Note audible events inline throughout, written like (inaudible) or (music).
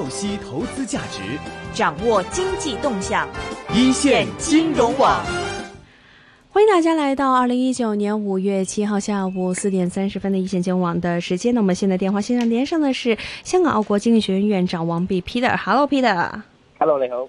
透析投資價值，掌握經濟動向，一線金融網，融網歡迎大家來到二零一九年五月七號下午四點三十分的一線金融網的時間。那我們現在電話線上連上的是香港奧國經濟學院院長王弼 Peter，Hello Peter，Hello 你好。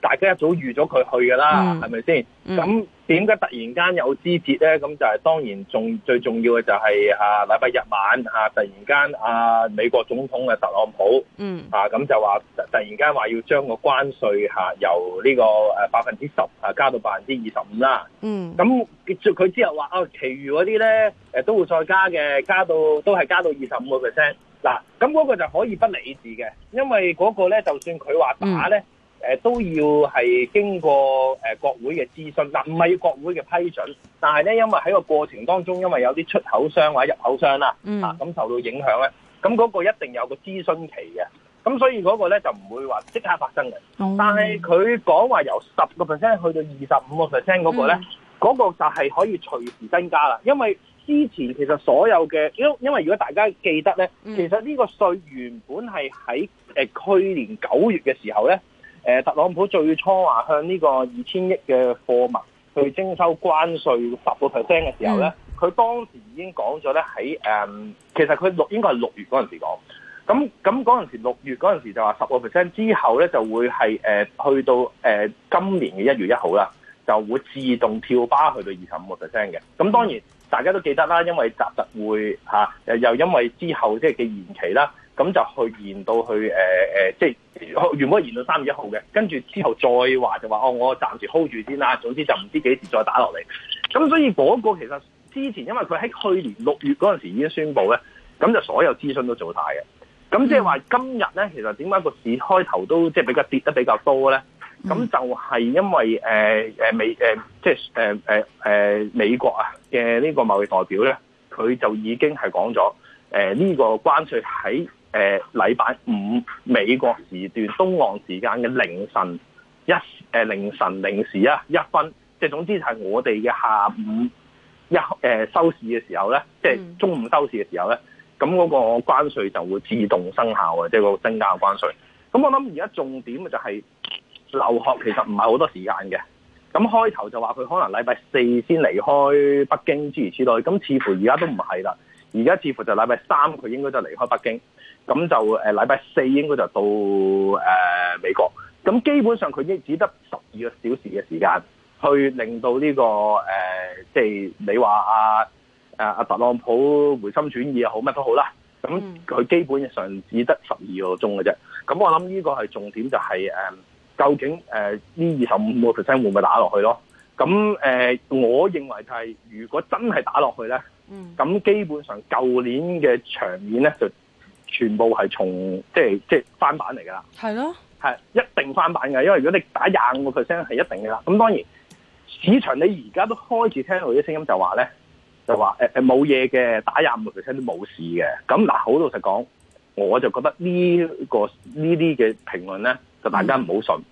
大家一早預咗佢去㗎啦，係咪先？咁點解突然間有支節咧？咁就係當然仲最重要嘅就係啊，禮拜日晚啊，突然間啊，美國總統嘅、啊、特朗普啊嗯啊咁就話突然間話要將個關稅嚇、啊、由呢個誒百分之十啊加到百分之二十五啦。嗯，咁佢之後話啊、哦，其餘嗰啲咧都會再加嘅，加到都係加到二十五個 percent。嗱，咁、啊、嗰個就可以不理智嘅，因為嗰個咧就算佢話打咧。嗯誒都要係經過誒國會嘅諮詢，嗱，唔係國會嘅批准，但係咧，因為喺個過程當中，因為有啲出口商或者入口商啦，嗯、啊咁受到影響咧，咁、那、嗰個一定有個諮詢期嘅，咁所以嗰個咧就唔會話即刻發生嘅。嗯、但係佢講話由十個 percent 去到二十五個 percent 嗰個咧，嗰、嗯、個就係可以隨時增加啦，因為之前其實所有嘅，因因為如果大家記得咧，嗯、其實呢個稅原本係喺去年九月嘅時候咧。誒特朗普最初話向呢個二千億嘅貨物去徵收關稅十個 percent 嘅時候咧，佢當時已經講咗咧，喺誒，其實佢六應該係六月嗰陣時講，咁咁嗰陣時六月嗰陣時就話十個 percent 之後咧就會係誒、呃、去到誒、呃、今年嘅一月一號啦，就會自動跳巴去到二十五個 percent 嘅。咁當然大家都記得啦，因為習特會嚇、啊、又因為之後即係嘅延期啦。咁就去延到去誒、呃、即係原本延到三月一號嘅，跟住之後再話就話哦，我暫時 hold 住先啦。總之就唔知幾時再打落嚟。咁所以嗰個其實之前，因為佢喺去年六月嗰陣時已經宣布咧，咁就所有諮詢都做晒嘅。咁即係話今日咧，其實點解個市開頭都即係比較跌得比較多咧？咁就係因為誒、呃、美誒、呃、即、呃呃呃、美國啊嘅呢個貿易代表咧，佢就已經係講咗誒呢個關稅喺。誒禮拜五美國時段東岸時間嘅凌晨一誒、呃、凌晨零時啊一,一分，即係總之係我哋嘅下午一誒、呃、收市嘅時候咧，即係中午收市嘅時候咧，咁嗰、嗯、個關稅就會自動生效嘅，即係嗰個增加嘅關稅。咁我諗而家重點嘅就係、是、留學其實唔係好多時間嘅，咁開頭就話佢可能禮拜四先離開北京諸如此類，咁似乎而家都唔係啦，而家似乎就禮拜三佢應該就離開北京。咁就誒禮拜四應該就到誒、呃、美國，咁基本上佢只只得十二個小時嘅時間，去令到呢、這個誒，即、呃、係、就是、你話阿阿阿特朗普回心轉意又好，乜都好啦。咁佢基本上只得十二個鐘嘅啫。咁我諗呢個係重點、就是，就係誒究竟誒呢二十五個 percent 會唔會打落去咯？咁誒、呃，我認為係如果真係打落去咧，咁基本上舊年嘅場面咧就～全部係從即係即係翻版嚟㗎啦，係咯的，係一定翻版嘅，因為如果你打廿五個 percent 係一定嘅啦。咁當然市場你而家都開始聽到啲聲音就話呢，就話咧，就話誒誒冇嘢嘅，打廿五個 percent 都冇事嘅。咁嗱，好老實講，我就覺得呢個呢啲嘅評論咧，就大家唔好信，嗯、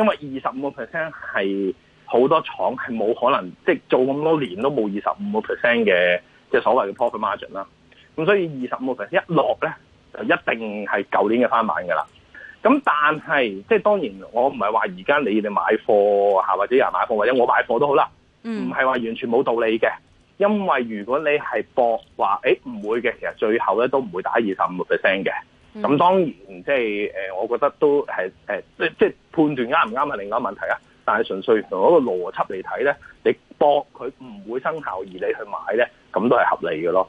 因為二十五個 percent 係好多廠係冇可能，即係做咁多年都冇二十五個 percent 嘅即係所謂嘅 profit margin 啦。咁所以二十五個 percent 一落咧，就一定係舊年嘅翻版嘅啦。咁但係即係當然，我唔係話而家你哋買貨嚇，或者有人買貨，或者我買貨都好啦。唔係話完全冇道理嘅，因為如果你係博話，誒、欸、唔會嘅，其實最後咧都唔會打二十五個 percent 嘅。咁、嗯、當然即係誒，我覺得都係誒，即、就、即、是、判斷啱唔啱係另一個問題啊。但係純粹從嗰個邏輯嚟睇咧，你博佢唔會生效而你去買咧，咁都係合理嘅咯。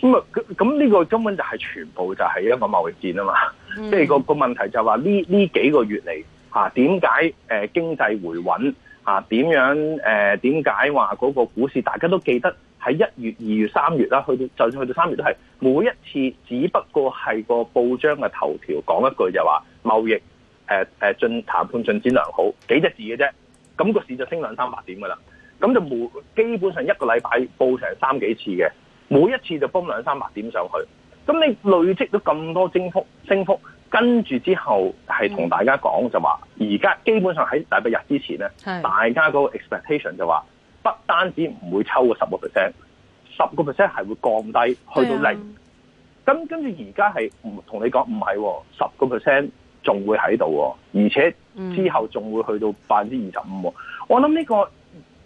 咁啊，咁呢個根本就係全部就係一個貿易戰啊嘛、嗯！即係個個問題就係話呢呢幾個月嚟吓，點解誒經濟回穩吓？點樣誒？點解話嗰個股市？大家都記得喺一月、二月、三月啦，去到就算去到三月都係每一次，只不過係個報章嘅頭條講一句就話貿易誒誒進談判進展良好，幾隻字嘅啫。咁個市升兩就升兩三百點噶啦，咁就每基本上一個禮拜報成三幾次嘅。每一次就幫兩三百點上去，咁你累積咗咁多升幅，升幅跟住之後係同大家講就話，而家基本上喺大半日之前咧，是大家個 expectation 就話，不單止唔會抽過十個 percent，十個 percent 係會降低去到零。咁、啊、跟住而家係唔同你講唔係，十個 percent 仲會喺度、哦，而且之後仲會去到百分之二十五。我諗呢、呢個。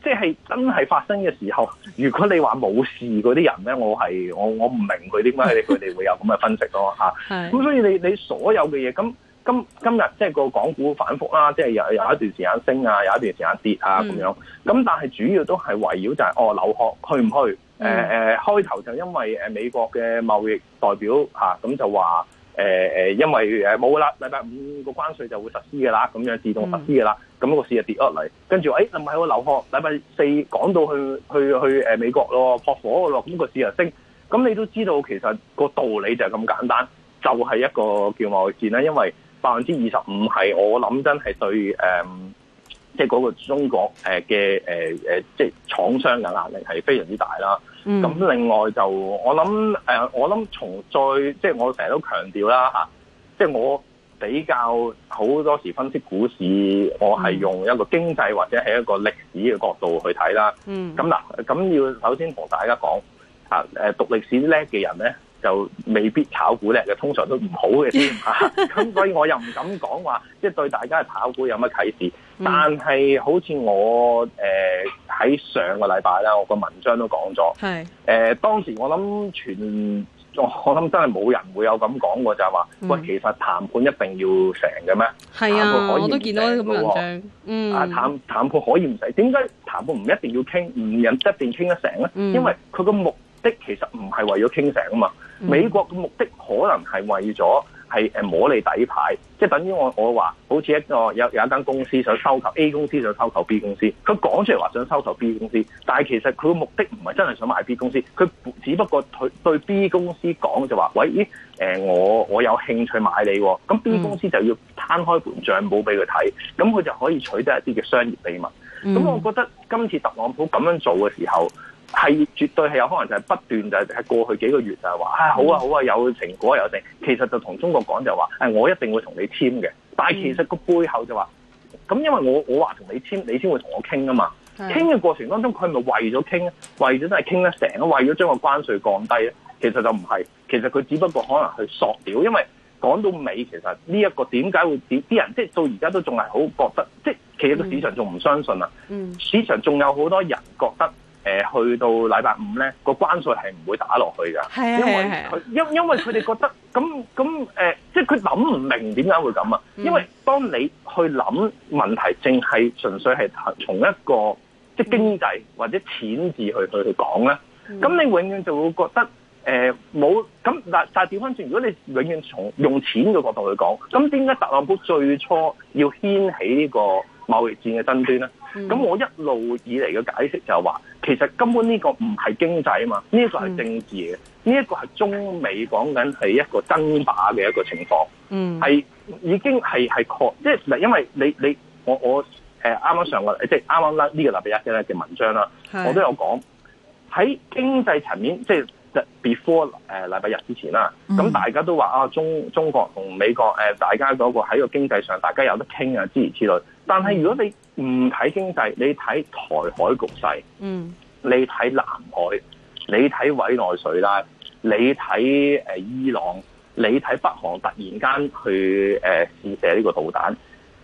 即係真係發生嘅時候，如果你話冇事嗰啲人咧，我係我我唔明佢點解佢哋會有咁嘅分析咯、啊、咁 (laughs) 所以你你所有嘅嘢，咁今今日即係個港股反覆啦，即係有有一段時間升啊， (laughs) 有一段時間跌啊咁 (laughs) 樣。咁但係主要都係圍繞就係、是、哦劉鶴去唔去？誒誒、 (laughs) 呃，開頭就因為美國嘅貿易代表咁、啊、就話。誒誒，因為誒冇噶啦，禮拜五個關稅就會實施噶啦，咁樣自動實施噶啦，咁、嗯、個市就跌落嚟。跟住誒，咪、哎、喺我留殼，禮拜四講到去去去誒美國咯，撲火咯，咁、那個市就升。咁你都知道，其實個道理就係咁簡單，就係、是、一個叫貿易戰啦。因為百分之二十五係我諗真係對誒，即係嗰個中國誒嘅誒誒，即係廠商嘅壓力係非常之大啦。咁另外就我諗誒，我諗從再即係我成日都強調啦吓，即係我，我比較好多時分析股市，我係用一個經濟或者係一個歷史嘅角度去睇啦。嗯，咁嗱，咁要首先同大家講，嚇，誒讀歷史叻嘅人咧。就未必炒股咧，就通常都唔好嘅添，咁所以我又唔敢講話，即係對大家嘅炒股有乜啟示。嗯、但係好似我誒喺、呃、上個禮拜呢，我個文章都講咗。係誒是、呃、當時我諗全，我諗真係冇人會有咁講過，就係話喂，其實談判一定要成嘅咩？係啊，談判可以我都見到咁文章。嗯啊談，談判可以唔使，點解談判唔一定要傾，唔人一定傾得成咧？嗯、因為佢個目的其實唔係為咗傾成啊嘛。美國嘅目的可能係為咗係誒摸你底牌，即係等於我我話，好似一個有有一間公司想收購 A 公司想收購 B 公司，佢講出嚟話想收購 B 公司，但係其實佢嘅目的唔係真係想買 B 公司，佢只不過對 B 公司講就話，喂，咦誒，我我有興趣買你，咁 B 公司就要攤開盤帳簿俾佢睇，咁佢就可以取得一啲嘅商業秘密。咁我覺得今次特朗普咁樣做嘅時候。係絕對係有可能，就係不斷就係係過去幾個月就係話，啊、哎、好啊好啊有，有成果有成，其實就同中國講就話，誒我一定會同你簽嘅。但係其實個背後就話，咁因為我我話同你簽，你先會同我傾啊嘛。傾嘅過程當中，佢係咪為咗傾？為咗真係傾得成？為咗將個關稅降低咧？其實就唔係，其實佢只不過可能去索料。因為講到尾，其實呢一個點解會點啲人，即係到而家都仲係好覺得，即係其實個市場仲唔相信啊？市場仲有好多人覺得。誒、呃、去到禮拜五咧，個關稅係唔會打落去㗎，因為佢因因為佢哋覺得咁咁誒，即係佢諗唔明點解會咁啊？因為當你去諗問題，淨係純粹係從一個即係經濟或者錢字去去去講咧，咁、嗯嗯嗯嗯嗯、你永遠就會覺得誒冇咁嗱。但係調翻轉，如果你永遠從用錢嘅角度去講，咁點解特朗普最初要掀起呢個貿易戰嘅爭端咧？咁、嗯嗯嗯、我一路以嚟嘅解釋就係、是、話。其實根本呢個唔係經濟啊嘛，呢、一個係政治嘅，呢、嗯、個係中美講緊係一個爭霸嘅一個情況，係、嗯、已經係係確，即係因為你你我我啱啱、呃、上個即係啱啱呢個禮拜一嘅文章啦，我都有講喺是的 經濟層面即係，就是即係 before 誒禮拜日之前啦，咁、嗯、大家都話啊，中中國同美國、呃、大家嗰個喺個經濟上，大家有得傾啊，諸如此類。但係如果你唔睇經濟，你睇台海局勢，嗯，你睇南海，你睇委內瑞拉，你睇誒伊朗，你睇北韓突然間去誒、呃、試射呢個導彈，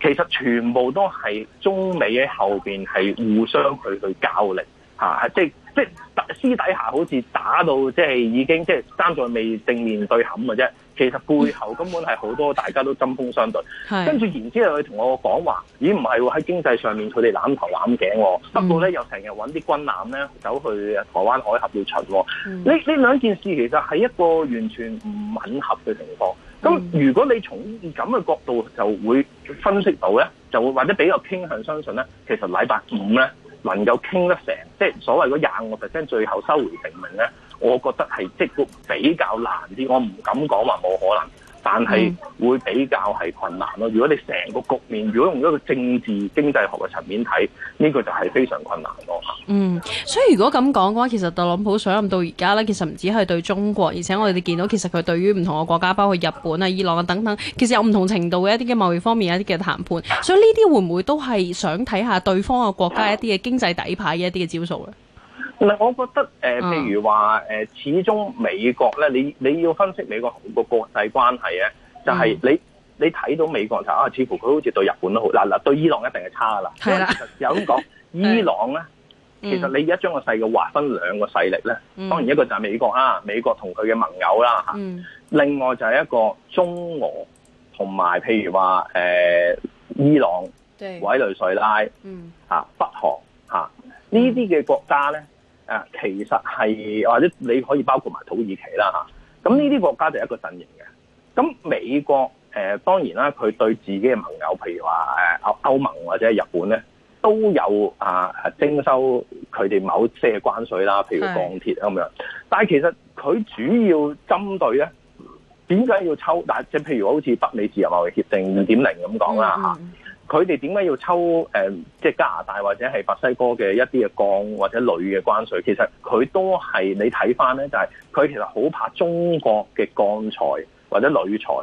其實全部都係中美喺後邊係互相佢去、嗯、去較力。嚇、啊，即係即私底下好似打到，即係已經即係爭在未正面對冚嘅啫。其實背後根本係好多大家都針鋒相對。是跟住然之後，佢同我講話，咦唔係喺經濟上面佢哋攬頭攬頸喎、哦。不過咧、嗯、又成日搵啲軍艦咧走去台灣海峽要巡喎、哦。呢呢、嗯、兩件事其實係一個完全唔吻合嘅情況。咁如果你從咁嘅角度就會分析到咧，就會或者比較傾向相信咧，其實禮拜五咧。能夠傾得成，即係所謂嗰廿五個 percent，最後收回成命咧，我覺得係即係比較難啲，我唔敢講話，冇可能。但係會比較係困難咯。如果你成個局面，如果用一個政治經濟學嘅層面睇，呢個就係非常困難咯。嗯，所以如果咁講嘅話，其實特朗普上任到而家呢，其實唔止係對中國，而且我哋見到其實佢對於唔同嘅國家，包括日本啊、伊朗啊等等，其實有唔同程度嘅一啲嘅貿易方面一啲嘅談判。所以呢啲會唔會都係想睇下對方嘅國家一啲嘅經濟底牌嘅一啲嘅招數咧？唔係，我覺得誒，譬、呃、如話誒、呃，始終美國咧，你你要分析美國個國際關係咧，就係、是、你你睇到美國就啊，似乎佢好似對日本都好，嗱、啊、嗱、啊、對伊朗一定係差噶啦。係啦對了，有咁講伊朗咧，其實你而家將個世界劃分兩個勢力咧，當然一個就係美國啊，美國同佢嘅盟友啦嚇、啊，另外就係一個中俄同埋譬如話誒、呃、伊朗、委內瑞拉嚇北韓嚇呢啲嘅國家咧。其實係或者你可以包括埋土耳其啦嚇，咁呢啲國家就係一個陣營嘅。咁美國誒、呃、當然啦，佢對自己嘅盟友，譬如話歐，歐盟或者日本咧，都有啊徵收佢哋某些關稅啦，譬如鋼鐵咁樣。是的 但係其實佢主要針對咧，點解要抽？但係即譬如好似北美自由貿易協定二點零咁講啦嚇，嗯嗯佢哋點解要抽、呃、即係加拿大或者係墨西哥嘅一啲嘅鋼或者鋁嘅關稅？其實佢都係你睇翻咧，就係、是、佢其實好怕中國嘅鋼材或者鋁材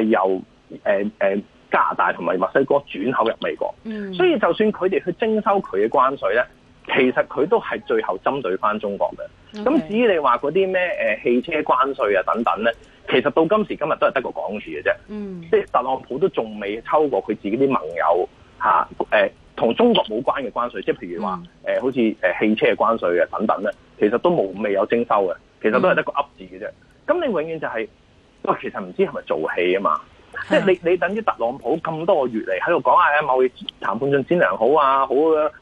係由誒、呃、加拿大同埋墨西哥轉口入美國。嗯，所以就算佢哋去徵收佢嘅關稅咧，其實佢都係最後針對翻中國嘅。咁至於你話嗰啲咩汽車關稅啊等等咧？其實到今時今日都係得個講字嘅啫，嗯、即係特朗普都仲未抽過佢自己啲盟友嚇，誒、啊、同、欸、中國冇關嘅關稅，即係譬如話誒、欸、好似誒汽車嘅關稅嘅等等咧，其實都冇未有徵收嘅，其實都係得個噏字嘅啫。咁、嗯、你永遠就係、是，因為其實唔知係咪做戲啊嘛。即係你你等於特朗普咁多個月嚟喺度講下，某嘢談判進展良好啊，好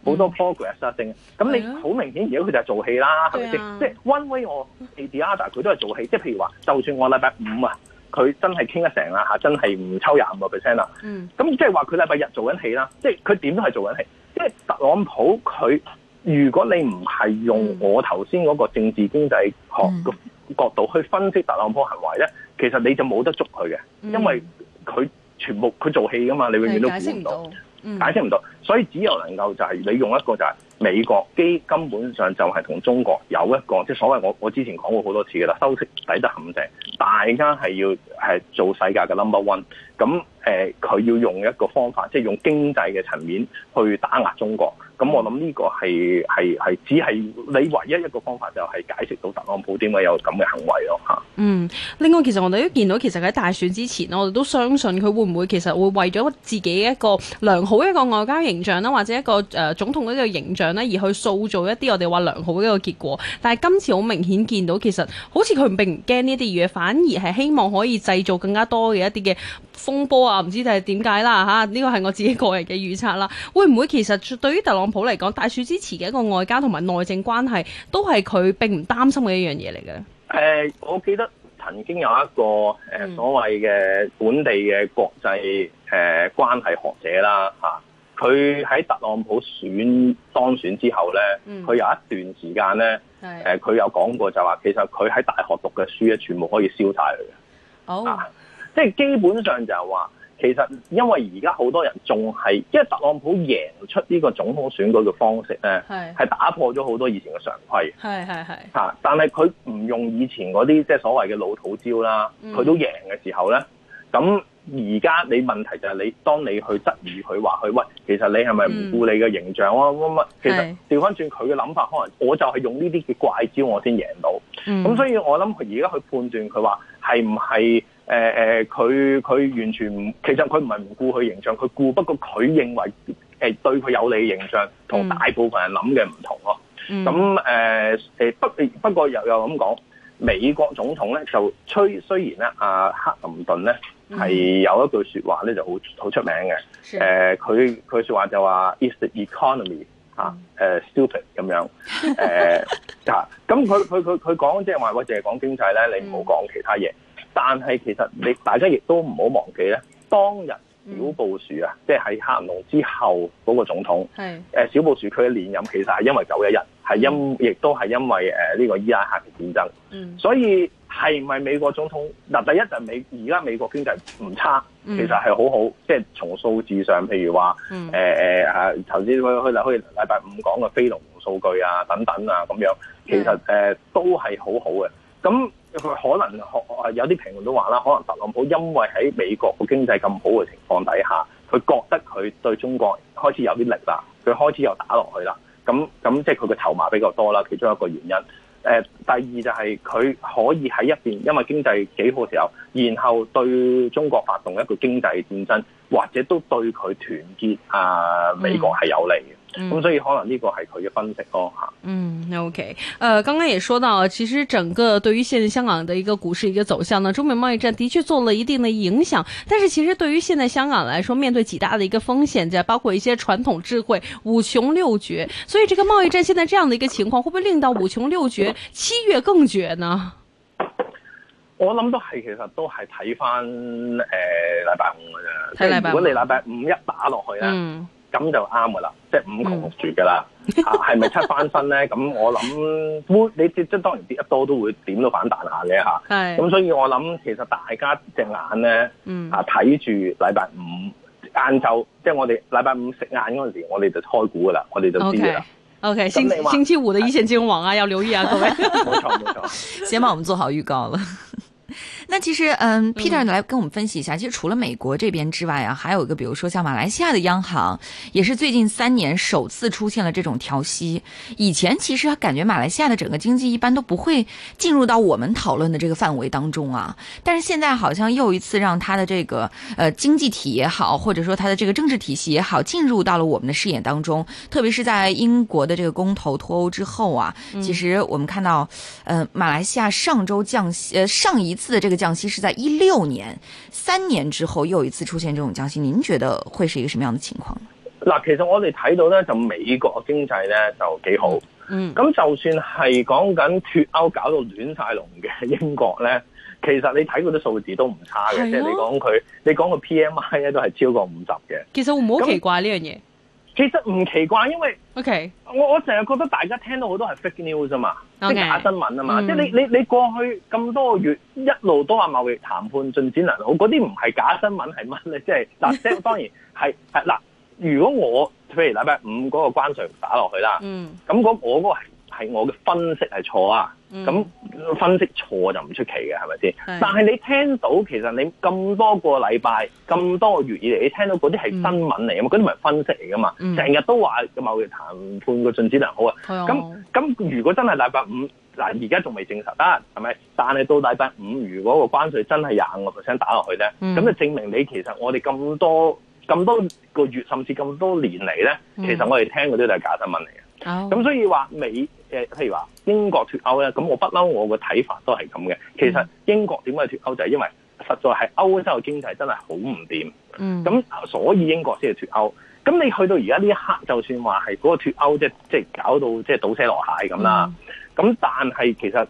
好多 progress 啊，正咁、啊嗯、你好的明顯，而家佢就係做戲啦，係咪先？即係吧 One Way or the other 佢都係做戲，即、就、係、是、譬如話，就算我禮拜五啊，佢真係傾得成啦吓，真係唔抽廿五個 percent 啦。咁即係話佢禮拜日做緊戲啦，即係佢點都係做緊戲。即、就、係、是、特朗普佢如果你唔係用我頭先嗰個政治經濟學嘅、嗯、角度去分析特朗普行為咧？其實你就冇得捉佢嘅，嗯、因為佢全部佢做戲㗎嘛，你永遠都估唔到，解釋唔到、嗯、解釋唔到，所以只有能夠就係你用一個就係、是。美國基根本上就係同中國有一個，即所謂我我之前講過好多次嘅啦，修昔底德陷阱，大家係要做世界嘅 number one。咁佢、呃、要用一個方法，即係用經濟嘅層面去打壓中國。咁我諗呢個係只係你唯一一個方法，就係解釋到特朗普點解有咁嘅行為咯，吓、嗯，另外其實我哋都見到，其實喺大選之前，我哋都相信佢會唔會其實會為咗自己一個良好一個外交形象啦，或者一個誒、呃、總統嗰個形象。而去塑造一啲我哋話良好嘅一個結果，但係今次好明顯見到，其實好似佢並唔驚呢啲嘢，反而係希望可以製造更加多嘅一啲嘅風波啊！唔知就係點解啦，吓，呢個係我自己個人嘅預測啦。會唔會其實對於特朗普嚟講，大選之前嘅一個外交同埋內政關係，都係佢並唔擔心嘅一樣嘢嚟嘅？誒、呃，我記得曾經有一個誒、呃、所謂嘅本地嘅國際誒、呃、關係學者啦，吓、呃。佢喺特朗普選當選之後咧，佢、嗯、有一段時間咧，誒佢是、呃、有講過就話，其實佢喺大學讀嘅書咧，全部可以燒晒。佢嘅、哦，好、啊，即、就、係、是、基本上就係話，其實因為而家好多人仲係，因為特朗普贏出呢個總統選舉嘅方式咧，係係是打破咗好多以前嘅常規的，係係係，嚇、啊，但係佢唔用以前嗰啲即係所謂嘅老土招啦，佢都贏嘅時候咧，咁、嗯。嗯而家你問題就係你，當你去質疑佢話佢，喂，其實你係咪唔顧你嘅形象啊？嗯，乜乜，其實調翻轉佢嘅諗法，可能我就係用呢啲嘅怪招，我先贏到。咁、嗯、所以我諗佢而家去判斷佢話係唔係誒佢佢完全唔，其實佢唔係唔顧佢形象，佢顧，不過佢認為對佢有利嘅形象，同大部分人諗嘅唔同咯。咁誒、嗯呃、不不過又又咁講，美國總統咧就吹，雖然咧、啊、阿克林頓咧。係有一句説話咧就好好出名嘅，誒佢佢説話就話 it's the economy 嚇誒、啊嗯呃、stupid 咁樣誒嚇，咁佢佢佢佢講即係話我淨係講經濟咧，你唔好講其他嘢。嗯、但係其實你大家亦都唔好忘記咧，當日小布什啊，嗯、即係喺克林頓之後嗰個總統，係、嗯呃、小布什佢嘅連任其實係因為九一一，係因亦都係因為誒呢、嗯呃呢個伊拉克嘅戰爭，嗯，所以。係唔係美國總統？嗱，第一就係美而家美國經濟唔差，其實係好好，mm. 即係從數字上，譬如話，誒誒啊，頭先去去嚟去，禮拜五講嘅非農數據啊等等啊咁樣，其實誒都係好好嘅。咁佢、mm. 可能學有啲評論都話啦，可能特朗普因為喺美國嘅經濟咁好嘅情況底下，佢覺得佢對中國開始有啲力啦，佢開始又打落去啦。咁咁即係佢嘅籌碼比較多啦，其中一個原因。誒，第二就係佢可以喺一邊，因為經濟幾好嘅時候，然後對中國發動一個經濟戰爭。或者都對佢團結啊美國係有利嘅，咁、嗯嗯、所以可能呢個係佢嘅分析咯嚇。嗯，OK，誒、呃，剛剛也說到，其實整個對於現在香港嘅一個股市一個走向呢，呢中美貿易戰的確做了一定嘅影響，但是其實對於現在香港來說，面對幾大的一個風險，再包括一些傳統智慧五窮六絕，所以這個貿易戰現在這樣嘅一個情況，會不會令到五窮六絕七月更絕呢？我諗都係，其實都係睇翻誒禮拜五噶咋，即係如果你禮拜五一打落去咧，咁就啱噶啦，即係五窮六絕噶啦，係咪七翻身咧？咁我諗會，你跌即當然跌得多都會點到反彈下嘅吓。係咁，所以我諗其實大家隻眼咧吓睇住禮拜五晏晝，即係我哋禮拜五食晏嗰陣時，我哋就開股噶啦，我哋就知噶啦。O K. 星星期五的一線金融王啊，要留意啊，各位。冇錯，先幫我們做好預告啦。那其實，嗯，Peter 來跟我們分析一下。其實除了美國這邊之外啊，還有一個，比如說像馬來西亞的央行，也是最近三年首次出現了這種調息。以前其實感覺馬來西亞的整個經濟一般都不會進入到我們討論的這個範圍當中啊。但是現在好像又一次讓它的這個呃經濟體也好，或者說它的這個政治體系也好，進入到了我們的視野當中。特別是在英國的這個公投脫歐之後啊，其實我們看到，呃，馬來西亞上周降息，呃，上一次的這個降。降息，是在一六年三年之後又一次出現這種降息，您覺得會是一個什麼樣的情況呢？嗱，其實我哋睇到咧，就美國經濟咧就幾好，嗯，咁就算係講緊脱歐搞到亂晒龍嘅英國咧，其實你睇嗰啲數字都唔差嘅，即係你講佢，你講個 PMI 咧都係超過五十嘅，其實會唔會好奇怪呢樣嘢？那其實唔奇怪，因為我 OK，我我成日覺得大家聽到好多係 fake news 啫嘛，即係 Okay. 假新聞啊嘛，嗯、即係你你你過去咁多月一路都話貿易談判進展良好，嗰啲唔係假新聞係乜咧？即係嗱，即係當然係嗱， (laughs) 如果我譬如禮拜五嗰個關稅唔打落去啦，咁、嗯、我嗰個係我嘅分析係錯啊。咁、嗯、分析錯就唔出奇嘅，係咪先？是但係你聽到其實你咁多個禮拜、咁多月以嚟，你聽到嗰啲係新聞嚟啊嘛，嗰啲唔係分析嚟噶嘛？成日都話貿易談判個進展良好啊，咁咁如果真係禮拜五嗱，而家仲未證實啦係咪？但係到禮拜五，如果個關稅真係廿五個 percent 打落去咧，咁、嗯、就證明你其實我哋咁多咁多個月，甚至咁多年嚟咧，嗯、其實我哋聽嗰啲都係假新聞嚟嘅。咁、oh. 所以話美誒，譬如話英國脫歐咧，咁我不嬲我個睇法都係咁嘅。其實英國點解脫歐就係、是、因為實在係歐洲經濟真係好唔掂，咁、oh. 所以英國先係脫歐。咁你去到而家呢一刻，就算話係嗰個脫歐即係即係搞到即係倒瀉籮蟹，咁啦，咁、oh. 但係其實。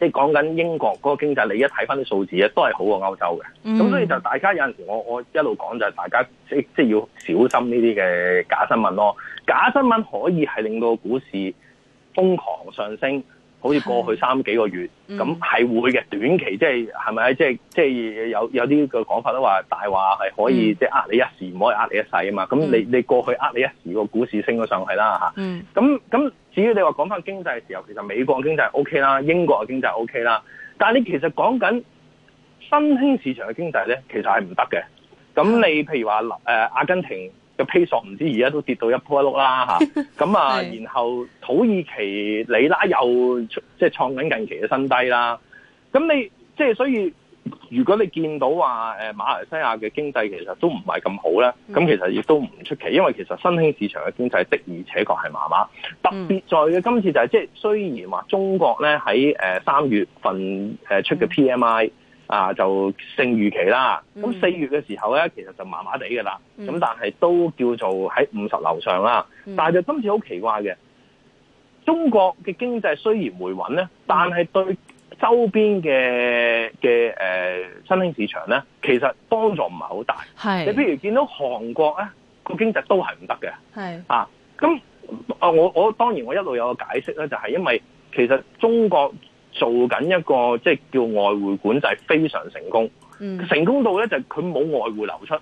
即係講緊英國嗰個經濟，你一睇翻啲數字咧，都係好過歐洲嘅。咁所以就大家有陣時我，我我一路講就係大家即即要小心呢啲嘅假新聞咯。假新聞可以係令到股市瘋狂上升。好似過去三幾個月，咁係是會嘅、嗯、短期、就是，即係係咪？即係即係有有啲個講法都話大話係可以，即係呃你一時唔可以呃你一世啊嘛。咁、嗯、你你過去呃你一時個股市升咗上去啦嚇。咁咁、嗯、至於你話講翻經濟嘅時候，其實美國經濟 O、OK、K 啦，英國嘅經濟 O、OK、K 啦，但係你其實講緊新興市場嘅經濟咧，其實係唔得嘅。咁你譬如話阿、呃、阿根廷。嘅披索唔知而家都跌到一波一碌啦嚇，咁 (laughs) 啊，然後土耳其里拉又即係創緊近期嘅新低啦。咁你即係所以，如果你見到話誒馬來西亞嘅經濟其實都唔係咁好咧，咁其實亦都唔出奇，因為其實新興市場嘅經濟的而且確係麻麻，特別在嘅今次就係、是、即係雖然話中國咧喺誒三月份誒出嘅 PMI。啊，就勝預期啦。咁四月嘅時候咧，嗯、其實就麻麻地嘅啦。咁、嗯、但係都叫做喺五十樓上啦。嗯、但係就今次好奇怪嘅，中國嘅經濟雖然回穩咧，嗯、但係對周邊嘅嘅誒新興市場咧，其實幫助唔係好大。係是你譬如見到韓國咧，個經濟都係唔得嘅。是啊，咁啊，我我當然我一路有個解釋咧，就係因為其實中國。做緊一個即係叫外匯管制，非常成功。成功到咧就係佢冇外匯流出，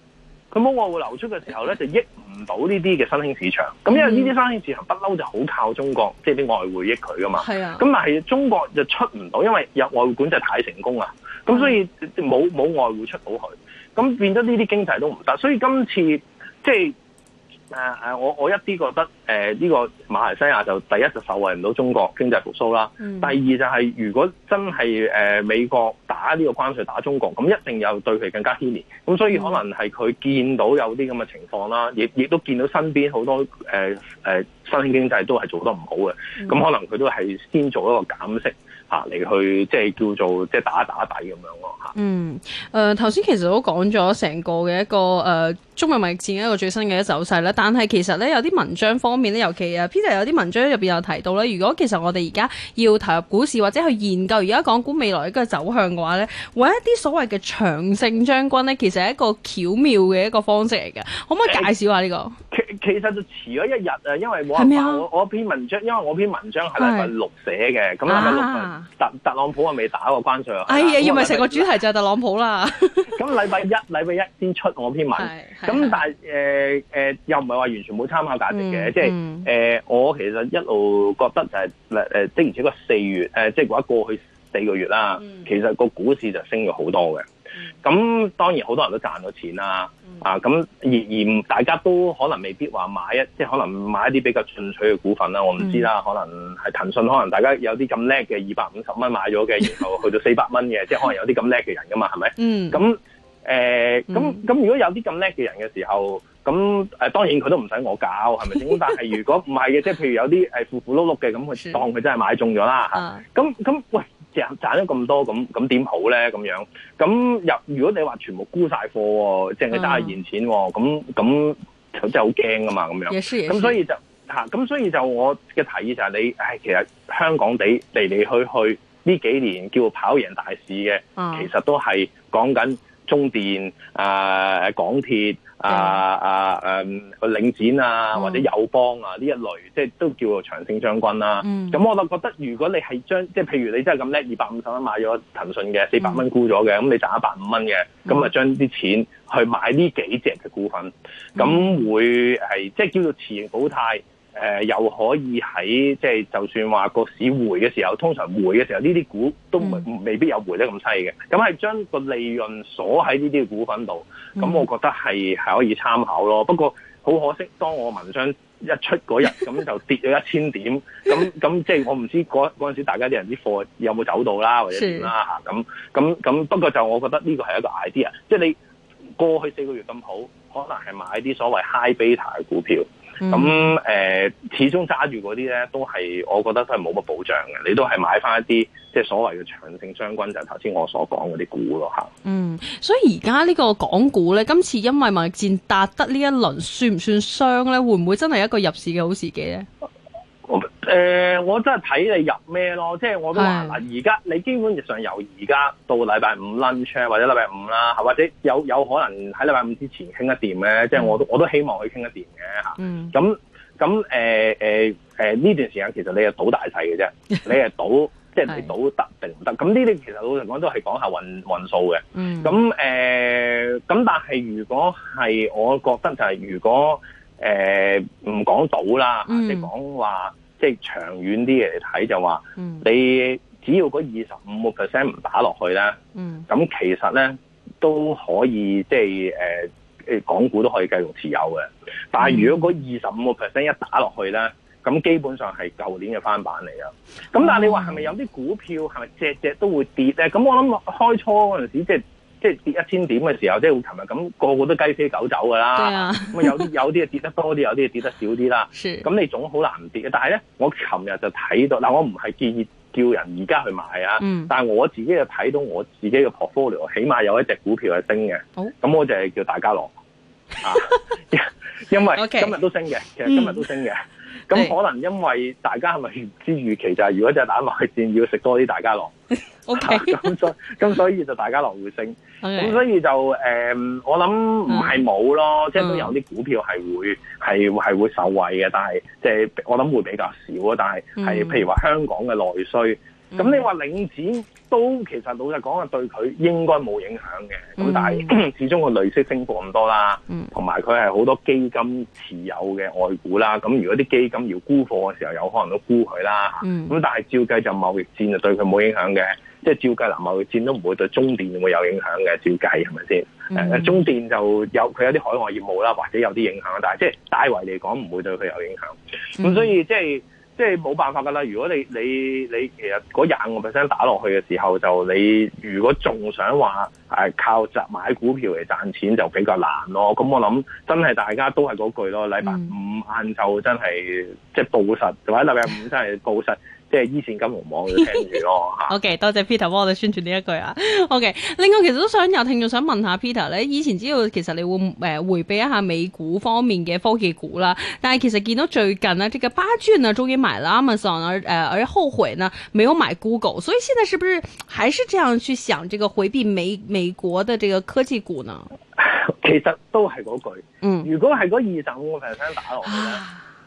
佢冇外匯流出嘅時候咧就益唔到呢啲嘅新興市場。咁因為呢啲新興市場不嬲就好靠中國，即係啲外匯益佢㗎嘛。係啊。咁但係中國就出唔到，因為有外匯管制太成功啦。咁所以冇冇外匯出到去，咁變咗呢啲經濟都唔得。所以今次即係。啊、我我一啲覺得誒呢、呃這個馬來西亞就第一就受惠唔到中國經濟復甦啦，嗯、第二就係、是、如果真係、呃、美國打呢個關稅打中國，咁一定又對佢更加牽連，咁所以可能係佢見到有啲咁嘅情況啦，亦亦、嗯、都見到身邊好多誒誒、呃呃、新興經濟都係做得唔好嘅，咁、嗯、可能佢都係先做一個減息。嚇嚟、啊、去即係叫做即係打一打底咁樣咯嚇。嗯，誒頭先其實都講咗成個嘅一個誒、呃、中美貿易戰一個最新嘅一走勢啦。但係其實咧有啲文章方面咧，尤其啊 Peter 有啲文章入邊又提到咧，如果其實我哋而家要投入股市或者去研究而家港股未來嘅一個走向嘅話咧，揾一啲所謂嘅長勝將軍咧，其實係一個巧妙嘅一個方式嚟嘅。欸、可唔可以介紹下呢、這個？其其實就遲咗一日啊，因為我篇嗎我篇文章，因為我篇文章係禮拜六寫嘅，咁係咪禮拜六特特朗普啊未打過關稅啊！哎呀，要咪成個主題就係特朗普啦。咁 (laughs) 禮拜一禮拜一先出我篇文，咁但係誒誒又唔係話完全冇參考價值嘅，嗯、即係誒、呃、我其實一路覺得就係誒的而且確四月誒、呃、即係話過去四個月啦，嗯、其實個股市就升咗好多嘅。咁當然好多人都賺到錢啦、啊，嗯、啊咁而而大家都可能未必話買一，即係可能買一啲比較純粹嘅股份、啊、啦。我唔知啦，可能係騰訊，可能大家有啲咁叻嘅二百五十蚊買咗嘅，然後去到四百蚊嘅， (laughs) 即係可能有啲咁叻嘅人噶嘛，係咪、嗯？咁誒咁咁如果有啲咁叻嘅人嘅時候。咁誒、呃、當然佢都唔使我搞，係咪先？ (laughs) 但係如果唔係嘅，即係譬如有啲誒糊糊碌碌嘅，咁佢 (laughs) 當佢真係買中咗啦嚇。咁咁、啊啊、喂，賺賺咗咁多，咁咁點好咧？咁樣咁入，如果你話全部沽曬貨、哦，淨係揸現錢、哦，咁咁、啊、就真係好驚噶嘛？咁樣咁、啊、所以就嚇，咁所以就我嘅提議就係你，唉，其實香港地嚟嚟去去呢幾年叫跑贏大市嘅，啊、其實都係講緊中電、呃、港鐵。Yeah. 啊啊誒個、呃、領展啊或者友邦啊呢一類，mm. 即係都叫做長勝將軍啦、啊。咁、mm. 我就覺得如果你係將，即係譬如你真係咁叻，二百五十蚊買咗騰訊嘅四百蚊沽咗嘅，咁、mm. 你賺一百五蚊嘅，咁啊、mm. 將啲錢去買呢幾隻嘅股份，咁、mm. 會係即係叫做持盈保泰。誒、呃、又可以喺即係，就，是、就算話個市回嘅時候，通常回嘅時候，呢啲股都未，未必有回得咁犀利嘅。咁係、嗯、將個利潤鎖喺呢啲股份度。咁、嗯、我覺得係係可以參考咯。不過好可惜，當我文章一出嗰日，咁 (laughs) 就跌咗一千點。咁咁即係我唔知嗰嗰陣時大家啲人啲貨有冇走到啦，或者點啦嚇。咁咁咁，不過就我覺得呢個係一個 idea，即係你過去四個月咁好，可能係買啲所謂 high beta 嘅股票。咁誒、嗯，始終揸住嗰啲咧，都係我覺得都係冇乜保障嘅。你都係買翻一啲即係所謂嘅長勝將軍就頭、是、先我所講嗰啲股咯吓嗯，所以而家呢個港股咧，今次因為貿易戰達得呢一輪，算唔算傷咧？會唔會真係一個入市嘅好時機咧？誒、呃，我真係睇你入咩咯，即係我都話嗱，而家是你基本上由而家到禮拜五 lunch 或者禮拜五啦，或者有有可能喺禮拜五之前傾一掂咧，嗯、即係我都我都希望佢傾一掂嘅吓。嗯。咁咁誒誒誒，呢、呃呃呃、段時間其實你係賭大細嘅啫，你係賭即係賭得定唔得？咁呢啲其實老實講都係講下運運數嘅。嗯。咁誒、嗯，咁、嗯呃、但係如果係，我覺得就係如果。誒，唔講到啦，你講話即係長遠啲嚟睇就話，嗯、你只要嗰二十五個 percent 唔打落去咧，咁、嗯、其實咧都可以即係、誒誒、港股都可以繼續持有嘅。但係如果嗰二十五個 percent 一打落去咧，咁基本上係舊年嘅翻版嚟啊。咁但係你話係咪有啲股票係咪隻隻都會跌咧？咁我諗開初嗰陣時即係……即係跌一千點嘅時候，即係好琴日咁個個都雞飛狗走噶啦。咁對啊 (laughs) 有啲有啲啊跌得多啲，有啲啊跌得少啲啦。咁是你總好難唔跌嘅。但係咧，我琴日就睇到，嗱，我唔係建議叫人而家去買啊。嗯、但係我自己就睇到我自己嘅 portfolio，起碼有一隻股票係升嘅。咁、哦、我就係叫大家樂啊， (laughs) (laughs) 因為今日都升嘅， (laughs) 其實今日都升嘅。嗯咁可能因為大家係咪唔知預期就係如果就打內戰，要食多啲大家樂。咁 (laughs) Okay. (laughs) 啊、所咁所以就大家樂會升。咁 Okay. 所以就誒、呃，我諗唔係冇咯，嗯、即係都有啲股票係會係係會受惠嘅，但係即係我諗會比較少咯。但係係、嗯、譬如話香港嘅內需。咁、嗯、你話領展都其實老實講啊，對佢應該冇影響嘅。咁、嗯、但係始終個累積升過咁多啦，同埋佢係好多基金持有嘅外股啦。咁如果啲基金要沽貨嘅時候，有可能都沽佢啦。咁、嗯、但係照計就貿易戰就對佢冇影響嘅，即係照計，南貿易戰都唔會對中電會有，有影響嘅。照計係咪先？誒嗯、中電就有佢有啲海外業務啦，或者有啲影響，但係即係大圍嚟講唔會對佢有影響。咁、嗯、所以即、就是即係冇辦法㗎啦！如果你你你其實嗰廿五個 percent 打落去嘅時候，就你如果仲想話，係靠集買股票嚟賺錢就比較難咯，咁我諗真係大家都係嗰句咯。禮拜五晏晝真係、嗯、即係報實，同埋禮拜五真係報實，即係依線金融網嘅聽住咯 (laughs) OK，多謝 Peter，幫我哋宣傳呢一句啊。OK，另外其實都想有聽眾想問下 Peter 咧，以前知道其實你會誒回避一下美股方面嘅科技股啦，但係其實見到最近呢，佢嘅巴尊啊終於買啦，Amazon，而,而後悔呢，沒有買 Google，所以現在是不是還是這樣去想這個回避美美？美國的這個科技股呢？其實都係嗰句，嗯，如果係嗰二十五個 percent，我成日打落去，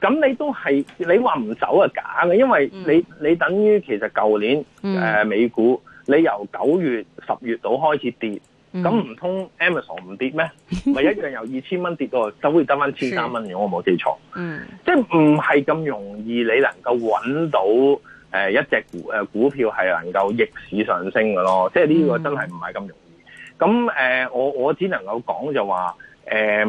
咁、嗯、你都係你話唔走係假嘅，因為你、嗯、你等於其實舊年誒、呃、美股你由九月十月度開始跌，咁唔通、嗯、Amazon 唔跌咩？咪、嗯、一樣由二千蚊跌到都 (laughs) 會得返千三蚊嘅，是我冇記錯，嗯，即係唔係咁容易你能夠搵到誒、呃、一隻股誒、呃、股票係能夠逆市上升嘅咯，即係呢個真係唔係咁容易。咁誒、呃，我我只能夠講就話，誒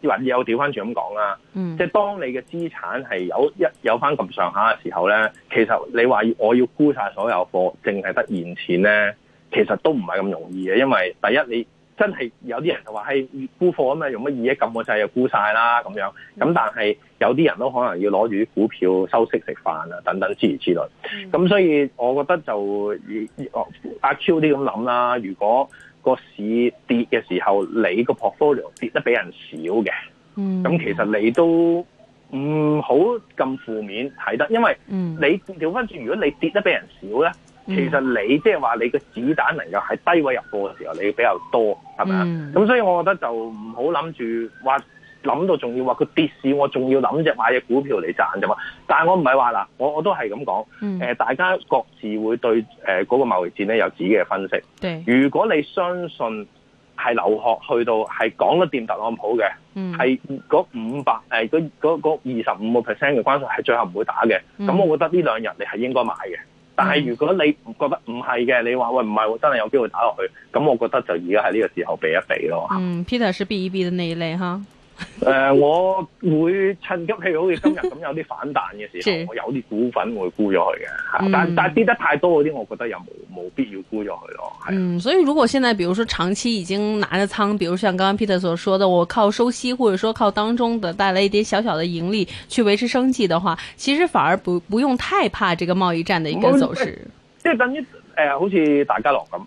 有或有調翻咁講啦，嗯，即係當你嘅資產係有一有翻咁上下嘅時候咧，其實你話我要沽曬所有貨，淨係得現錢咧，其實都唔係咁容易嘅，因為第一你。真係有啲人就話係沽貨啊嘛，用乜嘢撳個掣又沽曬啦咁樣。咁但係有啲人都可能要攞住啲股票收息食飯啊，等等諸如此類。咁、嗯、所以我覺得就阿、啊、Q 啲咁諗啦。如果個市跌嘅時候，你個 portfolio 跌得比人少嘅，咁、嗯、其實你都唔好咁負面睇得，因為你調翻轉，嗯、如果你跌得比人少咧。其實你即係話你個子彈能夠喺低位入貨嘅時候，你比較多係咪啊？咁、嗯、所以我覺得就唔好諗住話諗到仲要話佢跌市，我仲要諗隻買隻股票嚟賺咋嘛？但係我唔係話嗱，我我都係咁講。誒、嗯呃，大家各自會對誒嗰、呃那個貿易戰咧有自己嘅分析。對如果你相信係留學去到係講得掂特朗普嘅，係嗰五百誒二十五個 percent 嘅關稅係最後唔會打嘅，咁、嗯、我覺得呢兩日你係應該買嘅。嗯、但係如果你唔覺得唔係嘅，你話喂，唔係，我真係有機會打落去，咁我覺得就而家係呢個時候避一避咯。嗯，Peter 是避一避的那一類哈。 (laughs) 呃、我會趁急，譬如好似今日咁有啲反彈嘅時候，我 (laughs) 是 有啲股份會沽咗佢嘅。嗯、但但跌得太多嗰啲，我覺得又冇冇必要沽咗佢咯。啊、嗯，所以如果現在，比如說長期已經拿着倉，比如像剛剛 Peter 所說的，我靠收息，或者說靠當中的帶來一點小小的盈利去維持生計的話，其實反而不不用太怕這個貿易戰的一個走勢。嗯嗯嗯嗯嗯嗯誒、呃，好似大家樂咁，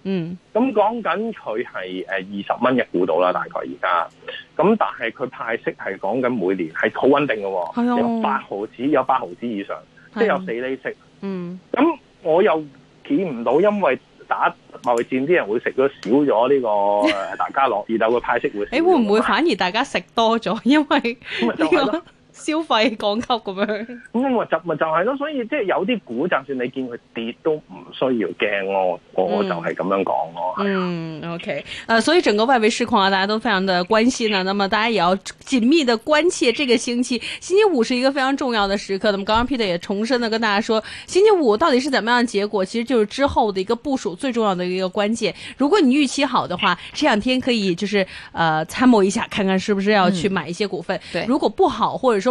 咁講緊佢係誒二十蚊一股到啦，大概而家，咁但係佢派息係講緊每年係好穩定嘅，啊、有八毫子，有八毫子以上，即、就、係、是、有四厘息。啊、嗯，咁、嗯、我又見唔到，因為打貿易戰啲人會食咗少咗呢個大家樂， (laughs) 而就佢派息會少你、欸、會唔會反而大家食多咗，因為、嗯這個 消費降級咁樣、嗯，咁我就咪、是、就係咯，所以即係有啲股，就算你見佢跌都唔需要驚咯，我就係咁樣講咯。嗯，的嗯，OK，呃、uh, 所以整個外圍市控啊，大家都非常的關心啦。那麼大家也要緊密的關切，這個星期星期五是一個非常重要的時刻。咁剛 Peter 也重申的跟大家說，星期五到底是怎麼樣的結果，其實就是之後的一個部署最重要的一個關鍵。如果你預期好的話，這兩天可以就是呃參謀一下，看看是不是要去買一些股份。嗯、對，如果不好，或者說